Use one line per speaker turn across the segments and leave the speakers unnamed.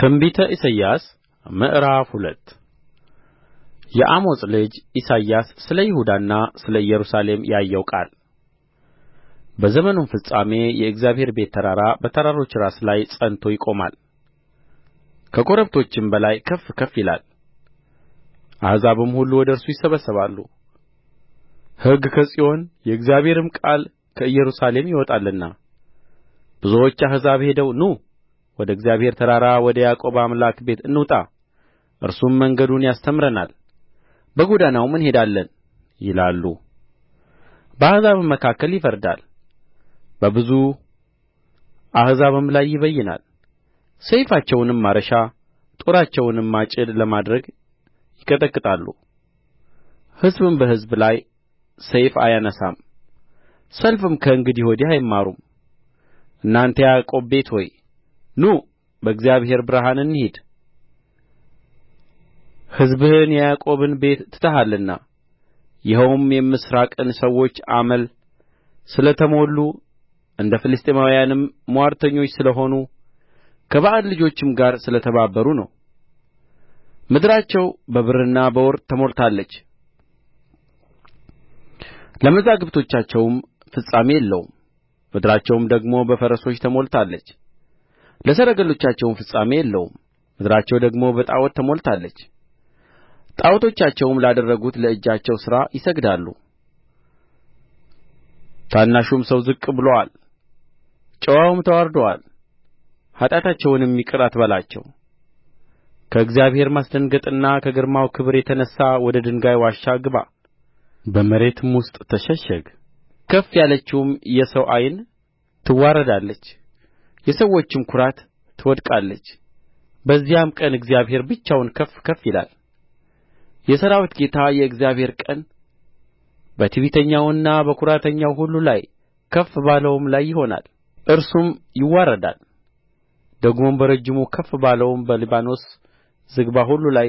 ትንቢተ ኢሳይያስ ምዕራፍ ሁለት የአሞጽ ልጅ ኢሳይያስ ስለ ይሁዳና ስለ ኢየሩሳሌም ያየው ቃል በዘመኑም ፍጻሜ የእግዚአብሔር ቤት ተራራ በተራሮች ራስ ላይ ጸንቶ ይቆማል ከኮረብቶችም በላይ ከፍ ከፍ ይላል አሕዛብም ሁሉ ወደ እርሱ ይሰበሰባሉ ሕግ ከጽዮን የእግዚአብሔርም ቃል ከኢየሩሳሌም ይወጣልና ብዙዎች አሕዛብ ሄደው ኑ ወደ እግዚአብሔር ተራራ ወደ ያዕቆብ አምላክ ቤት እንውጣ እርሱም መንገዱን ያስተምረናል በጎዳናውም እንሄዳለን ይላሉ በአሕዛብም መካከል ይፈርዳል በብዙ አሕዛብም ላይ ይበይናል ሰይፋቸውንም ማረሻ ጦራቸውንም ማጭድ ለማድረግ ይቀጠቅጣሉ ሕዝብም በሕዝብ ላይ ሰይፍ አያነሣም ሰልፍም ከእንግዲህ ወዲህ አይማሩም እናንተ የያዕቆብ ቤት ሆይ ኑ በእግዚአብሔር ብርሃን እንሂድ ሕዝብህን የያዕቆብን ቤት ትተሃልና ይኸውም የምሥራቅን ሰዎች አመል ስለ ተሞሉ እንደ ፍልስጥኤማውያንም ምዋርተኞች ስለ ሆኑ ከባዕድ ልጆችም ጋር ስለ ተባበሩ ነው ምድራቸው በብርና በወርቅ ተሞልታለች ለመዛግብቶቻቸውም ፍጻሜ የለውም ምድራቸውም ደግሞ በፈረሶች ተሞልታለች ለሰረገሎቻቸውም ፍጻሜ የለውም ምድራቸው ደግሞ በጣዖት ተሞልታለች ጣዖቶቻቸውም ላደረጉት ለእጃቸው ሥራ ይሰግዳሉ ታናሹም ሰው ዝቅ ብሎአል ጨዋውም ተዋርዶአል ኃጢአታቸውንም ይቅር አትበላቸው ከእግዚአብሔር ማስደንገጥና ከግርማው ክብር የተነሣ ወደ ድንጋይ ዋሻ ግባ በመሬትም ውስጥ ተሸሸግ ከፍ ያለችውም የሰው ዓይን ትዋረዳለች የሰዎችም ኵራት ትወድቃለች በዚያም ቀን እግዚአብሔር ብቻውን ከፍ ከፍ ይላል የሠራዊት ጌታ የእግዚአብሔር ቀን በትዕቢተኛውና በኵራተኛው ሁሉ ላይ ከፍ ባለውም ላይ ይሆናል እርሱም ይዋረዳል ደግሞም በረጅሙ ከፍ ባለውም በሊባኖስ ዝግባ ሁሉ ላይ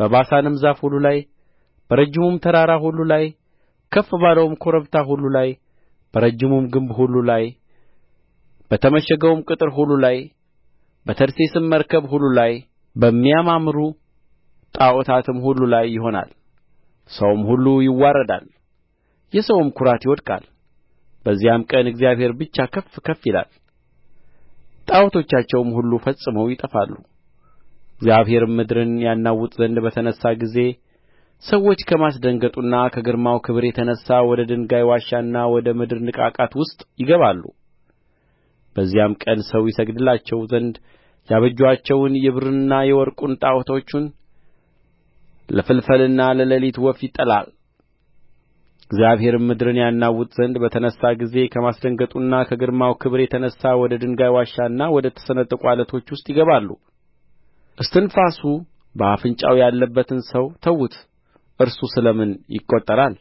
በባሳንም ዛፍ ሁሉ ላይ በረጅሙም ተራራ ሁሉ ላይ ከፍ ባለውም ኮረብታ ሁሉ ላይ በረጅሙም ግንብ ሁሉ ላይ በተመሸገውም ቅጥር ሁሉ ላይ በተርሴስም መርከብ ሁሉ ላይ በሚያማምሩ ጣዖታትም ሁሉ ላይ ይሆናል ሰውም ሁሉ ይዋረዳል የሰውም ኵራት ይወድቃል በዚያም ቀን እግዚአብሔር ብቻ ከፍ ከፍ ይላል ጣዖቶቻቸውም ሁሉ ፈጽመው ይጠፋሉ እግዚአብሔርም ምድርን ያናውጥ ዘንድ በተነሣ ጊዜ ሰዎች ከማስደንገጡና ከግርማው ክብር የተነሣ ወደ ድንጋይ ዋሻና ወደ ምድር ንቃቃት ውስጥ ይገባሉ በዚያም ቀን ሰው ይሰግድላቸው ዘንድ ያበጁአቸውን የብሩንና የወርቁን ጣዖቶቹን ለፍልፈልና ለሌሊት ወፍ ይጥላል እግዚአብሔርም ምድርን ያናውጥ ዘንድ በተነሣ ጊዜ ከማስደንገጡና ከግርማው ክብር የተነሣ ወደ ድንጋይ ዋሻና ወደ ተሰነጠቁ ዓለቶች ውስጥ ይገባሉ እስትንፋሱ በአፍንጫው ያለበትን ሰው ተዉት እርሱ ስለ ምን ይቈጠራል